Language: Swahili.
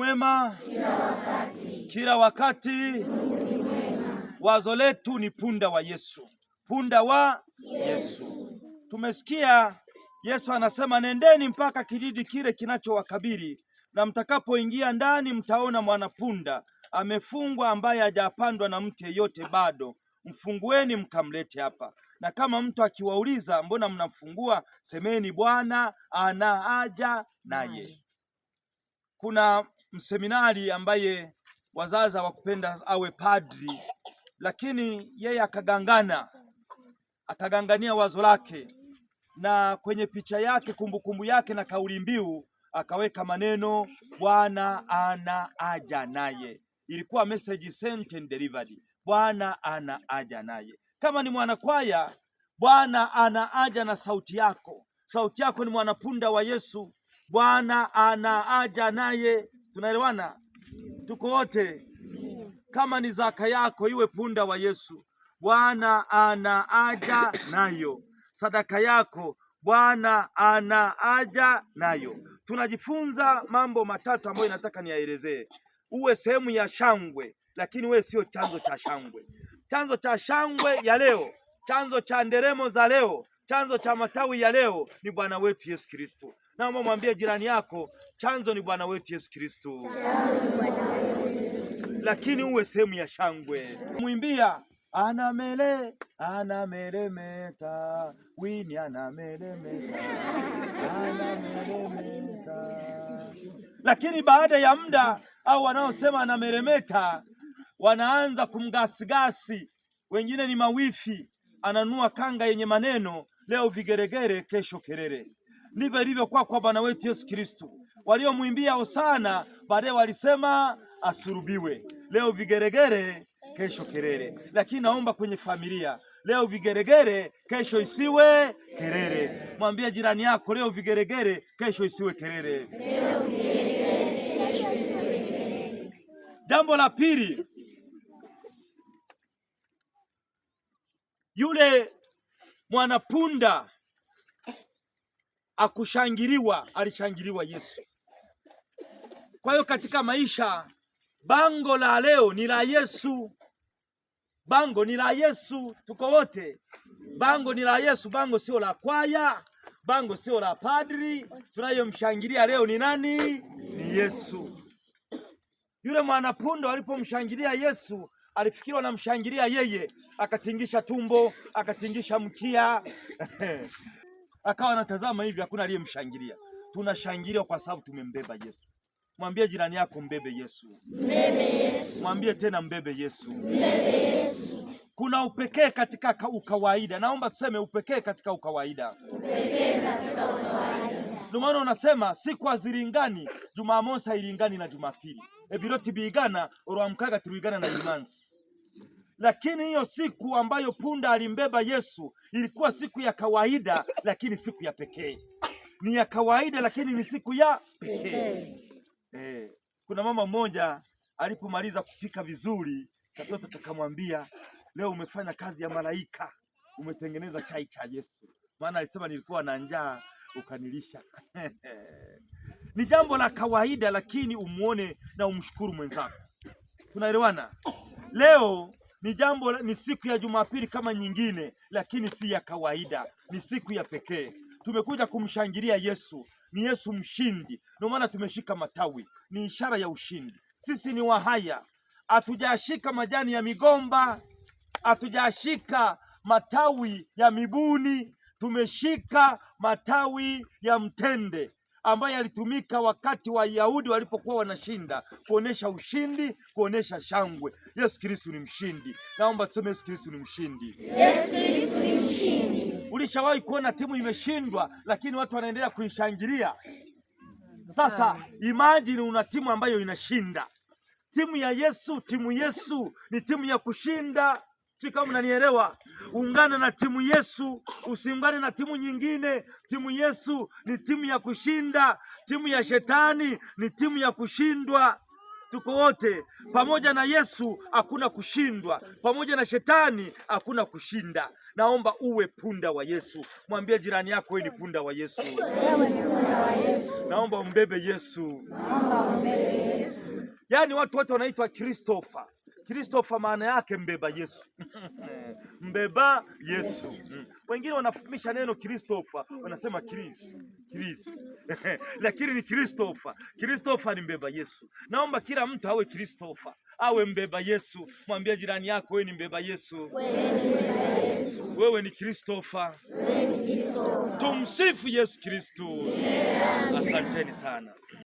mwema kila wakati, kila wakati. Wazo letu ni punda wa Yesu, punda wa Yesu. Tumesikia Yesu anasema nendeni mpaka kijiji kile kinachowakabiri na mtakapoingia ndani mtaona mwanapunda amefungwa, ambaye hajapandwa na mtu yeyote bado, mfungueni mkamlete hapa. Na kama mtu akiwauliza mbona mnamfungua, semeni Bwana ana haja naye. Kuna mseminari ambaye wazazi hawakupenda awe padri, lakini yeye akagangana, akagangania wazo lake, na kwenye picha yake, kumbukumbu kumbu yake na kauli mbiu akaweka maneno Bwana ana aja naye. Ilikuwa message sent and delivered, Bwana ana aja naye. Kama ni mwanakwaya, Bwana ana aja na sauti yako. Sauti yako ni mwanapunda wa Yesu. Bwana ana aja naye. Tunaelewana? Tuko wote. Kama ni zaka yako iwe punda wa Yesu, Bwana ana aja nayo. Sadaka yako Bwana ana aja nayo. Tunajifunza mambo matatu ambayo inataka niyaelezee. Uwe sehemu ya shangwe, lakini wewe sio chanzo cha shangwe. Chanzo cha shangwe ya leo, chanzo cha nderemo za leo, chanzo cha matawi ya leo ni Bwana wetu Yesu Kristo. Naomba mwambie jirani yako, chanzo ni Bwana wetu Yesu Kristo, lakini uwe sehemu ya shangwe, mwimbia anamele anameremeta wini anameremeta anameremeta. Lakini baada ya muda au wanaosema anameremeta wanaanza kumgasigasi, wengine ni mawifi, ananua kanga yenye maneno leo vigeregere, kesho kelele ndivyo ilivyokuwa kwa Bwana wetu Yesu Kristo. Waliomwimbia Hosana baadaye walisema asurubiwe Leo vigeregere, kesho kelele. Lakini naomba kwenye familia leo vigeregere, kesho isiwe kelele. Mwambie jirani yako, leo vigeregere, kesho isiwe kelele. Jambo la pili, yule mwanapunda akushangiriwa alishangiriwa Yesu. Kwa hiyo katika maisha bango la leo ni la Yesu, bango ni la Yesu, tuko wote, bango ni la Yesu. Bango sio la kwaya, bango sio la padri. Tunayomshangilia leo ni nani? Ni Yesu. Yule mwanapundo alipomshangilia Yesu na wanamshangilia yeye, akatingisha tumbo, akatingisha mkia akawa anatazama hivi, hakuna aliyemshangilia. Tunashangilia kwa sababu tumembeba Yesu. Mwambie jirani yako, mbebe Yesu, mbebe Yesu. Mwambie tena, mbebe Yesu, mbebe Yesu. Kuna upekee katika ukawaida. Naomba tuseme upekee katika ukawaida, upekee katika ukawaida. Ndio maana unasema siku azilingani, Jumamosi hailingani na Jumapili. Ebiroti bigana olwamkaga tuligana na Jumansi lakini hiyo siku ambayo punda alimbeba Yesu ilikuwa siku ya kawaida, lakini siku ya pekee. Ni ya kawaida, lakini ni siku ya pekee. Eh, kuna mama mmoja alipomaliza kupika vizuri, katoto kakamwambia, leo umefanya kazi ya malaika, umetengeneza chai cha Yesu, maana alisema nilikuwa na njaa ukanilisha. Ni jambo la kawaida, lakini umuone na umshukuru mwenzako. Tunaelewana? Leo ni jambo ni siku ya Jumapili kama nyingine, lakini si ya kawaida, ni siku ya pekee. Tumekuja kumshangilia Yesu, ni Yesu mshindi. Ndio maana tumeshika matawi, ni ishara ya ushindi. Sisi ni Wahaya, hatujashika majani ya migomba, hatujashika matawi ya mibuni, tumeshika matawi ya mtende ambaye alitumika wakati wa Yahudi walipokuwa wanashinda, kuonesha ushindi, kuonesha shangwe. Yesu Kristo ni mshindi. Naomba tuseme Yesu Kristo ni mshindi. Yesu Kristo ni mshindi. Ulishawahi kuona timu imeshindwa, lakini watu wanaendelea kuishangilia? Sasa imagine una timu ambayo inashinda. Timu ya Yesu, timu Yesu ni timu ya kushinda si kama unanielewa. Ungana na timu Yesu, usiungane na timu nyingine. Timu Yesu ni timu ya kushinda, timu ya shetani ni timu ya kushindwa. Tuko wote pamoja na Yesu, hakuna kushindwa. Pamoja na shetani hakuna kushinda. Naomba uwe punda wa Yesu. Mwambie jirani yako, wewe ni punda wa Yesu. Naomba umbebe Yesu. Yaani watu wote wanaitwa Christopher Kristofa maana yake mbeba Yesu mbeba Yesu. Wengine wanafumisha neno Kristofa, wanasema Chris, Chris lakini ni Kristofa. Kristofa ni mbeba Yesu. Naomba kila mtu awe Kristofa, awe mbeba Yesu. Mwambie jirani yako, wewe ni mbeba Yesu, wewe ni Kristofa. Tumsifu Yesu Kristo. Asanteni sana.